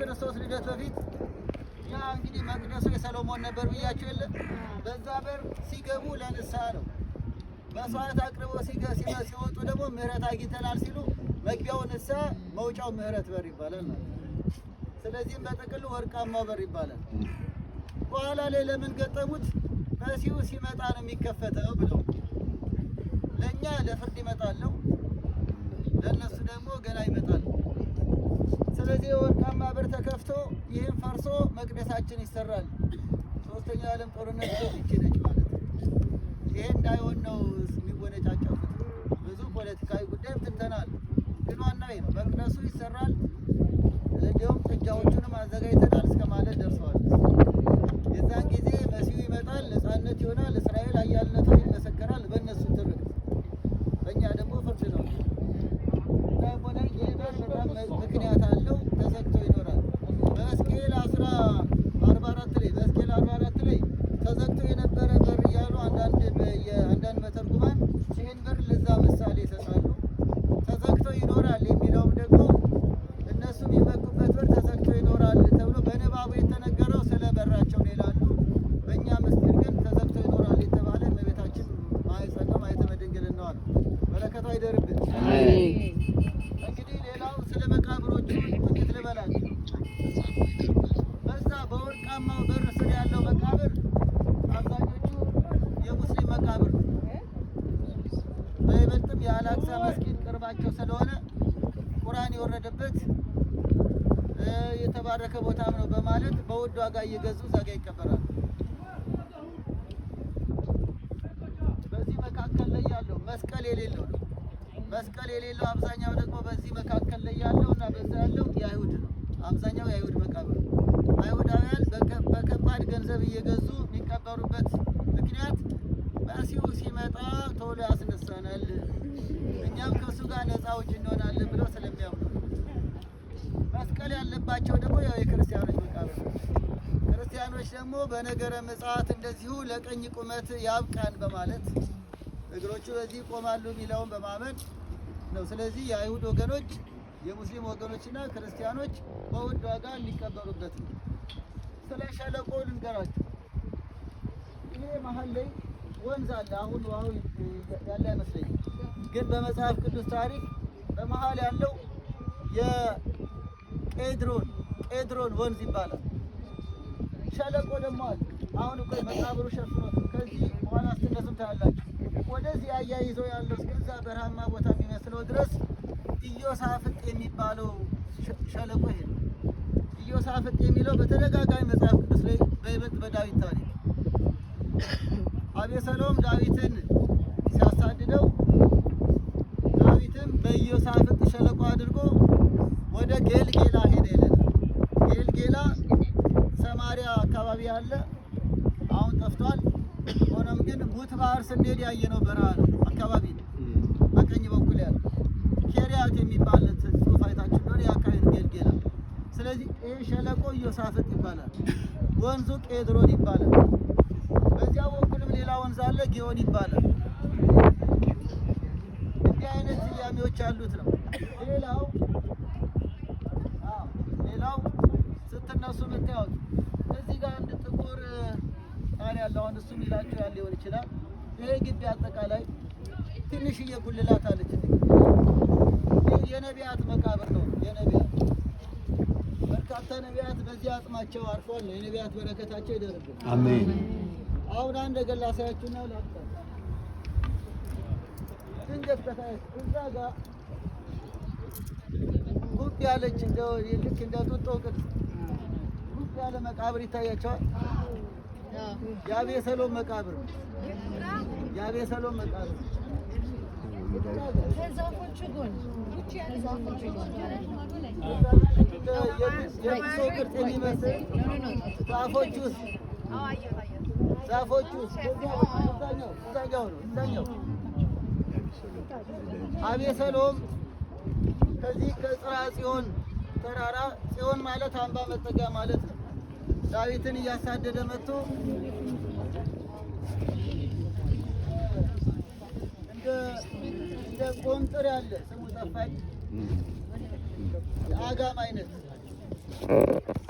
ከክርስቶስ ልደት በፊት ያ እንግዲህ መቅደሱ የሰሎሞን ነበር ብያችሁ የለ። በዛ በር ሲገቡ ለንስሐ ነው። መስዋዕት አቅርቦ ሲወጡ ደግሞ ምሕረት አግኝተናል ሲሉ መግቢያው ንስሐ፣ መውጫው ምሕረት በር ይባላል ማለት ነው። ስለዚህም በጥቅሉ ወርቃማው በር ይባላል። በኋላ ላይ ለምን ገጠሙት? መሲሁ ሲመጣ ነው የሚከፈተው ብለው ለእኛ ለፍርድ ይመጣለው ለእነሱ ደግሞ መቃብር ተከፍቶ ይህም ፈርሶ መቅደሳችን ይሰራል። ሶስተኛው የዓለም ጦርነት ይቺ ነች ማለት ነው። ይሄ እንዳይሆን ነው የሚወነጫጨፉት። ብዙ ፖለቲካዊ ጉዳይ ትንተናል፣ ግን ዋናው ነው መቅደሱ ይሰራል። እንዲሁም ጥጃዎቹንም አዘጋጅተ ተዘግተው የነበረ በር እያሉ አንዳንድ መተርጉማን ይህን በር ለዛ ምሳሌ ይሰጣሉ። ተዘግተው ይኖራል የሚለውም ደግሞ እነሱ የሚመኩበት በር ተዘግተው ይኖራል ተብሎ በንባቡ የተነገረው ስለ በራቸው ነው ይላሉ። በእኛ ምስጢር ግን ተዘግተው ይኖራል የተባለ እመቤታችን ማኅፀን ማኅተመ ድንግልናዋ ነው። በረከቷ ይደርብን። ብርሃን የወረደበት የተባረከ ቦታም ነው በማለት በውድ ዋጋ እየገዙ እዛ ጋ ይቀበራሉ። በዚህ መካከል ላይ ያለው መስቀል የሌለው ነው። መስቀል የሌለው አብዛኛው ደግሞ በዚህ መካከል ላይ ያለው እና በዛ ያለው የአይሁድ ነው። አብዛኛው የአይሁድ መቃብር አይሁዳውያን በከባድ ገንዘብ እየገዙ የሚቀበሩበት ምክንያት መሲሁ ሲመጣ ቶሎ ያስነሳናል፣ እኛም ከእሱ ጋር ነፃ በነገረ ምጽአት እንደዚሁ ለቀኝ ቁመት ያብቃን በማለት እግሮቹ በዚህ ይቆማሉ የሚለውን በማመን ነው። ስለዚህ የአይሁድ ወገኖች የሙስሊም ወገኖችና ክርስቲያኖች በውድ ዋጋ የሚቀበሩበት ነው። ስለ ሸለቆ ልንገራችሁ። ይሄ መሀል ላይ ወንዝ አለ። አሁን ውሃው ያለ አይመስለኝም፣ ግን በመጽሐፍ ቅዱስ ታሪክ በመሀል ያለው የቄድሮን ቄድሮን ወንዝ ይባላል። ሸለቆ ደግሞ አለ። አሁን እኮ መቃብሩ ሸፍኖ ከዚህ በኋላ አስነሱም ታያላችሁ። ወደዚህ አያይዘው ያለው እስከዛ በረሃማ ቦታ የሚመስለው ድረስ ኢዮሳፍጥ የሚባለው ሸለቆ ይሄ ነው። ኢዮሳፍጥ የሚለው በተደጋጋሚ መጽሐፍ ቅዱስ ላይ በይበልጥ በዳዊት ታሪክ አቤሰሎም ዳዊትን ሲያሳድደው ዳዊትም በኢዮሳፍጥ ሸለቆ አድርጎ ወደ ጌልጌ መጀመሪያ አካባቢ አለ አሁን ጠፍቷል። ሆኖም ግን ሙት ባህር ስንሄድ ያየነው በረሃ አካባቢ በቀኝ በኩል ያለ ኬሪያት የሚባል ጽሑፍ አይታችሁ እንደሆነ የአካባቢ ጌልጌላ። ስለዚህ ይህ ሸለቆ ኢዮሳፍጥ ይባላል። ወንዙ ቄድሮን ይባላል። በዚያ በኩልም ሌላ ወንዝ አለ፣ ጊዮን ይባላል። እንዲህ አይነት ስያሜዎች ያሉት ነው። ሌላው ይላል። አሁን እሱ ይላችኋል ሊሆን ይችላል። ይሄ ግቢ አጠቃላይ ትንሽዬ ጉልላት አለች። የነቢያት መቃብር ነው። የነቢያት በርካታ ነቢያት በዚህ አጽማቸው አርፏል። የነቢያት በረከታቸው ይደርብን። አሜን። አሁን አንድ ነገር ላሳያችሁና ላጣ ድንገት ከታየች እዛ ጋር ጉብ ያለች ልክ እንደ ጡጦ ቅርጽ ጉብ ያለ መቃብር ይታያቸዋል። የአቤሰሎም መቃብር የአቤሰሎም መቃብር የቅሶ ቅርጽ የሚመስል ዛፎች ውስጥ ዛፎች ውስጥ አቤሰሎም ከዚህ ከጽርሐ ጽዮን ተራራ ጽዮን ማለት አምባ መጠጊያ ማለት ነው። ዳዊትን እያሳደደ መጥቶ እንደ ቆንጥር ያለ ስሙ ጠፋኝ የአጋም አይነት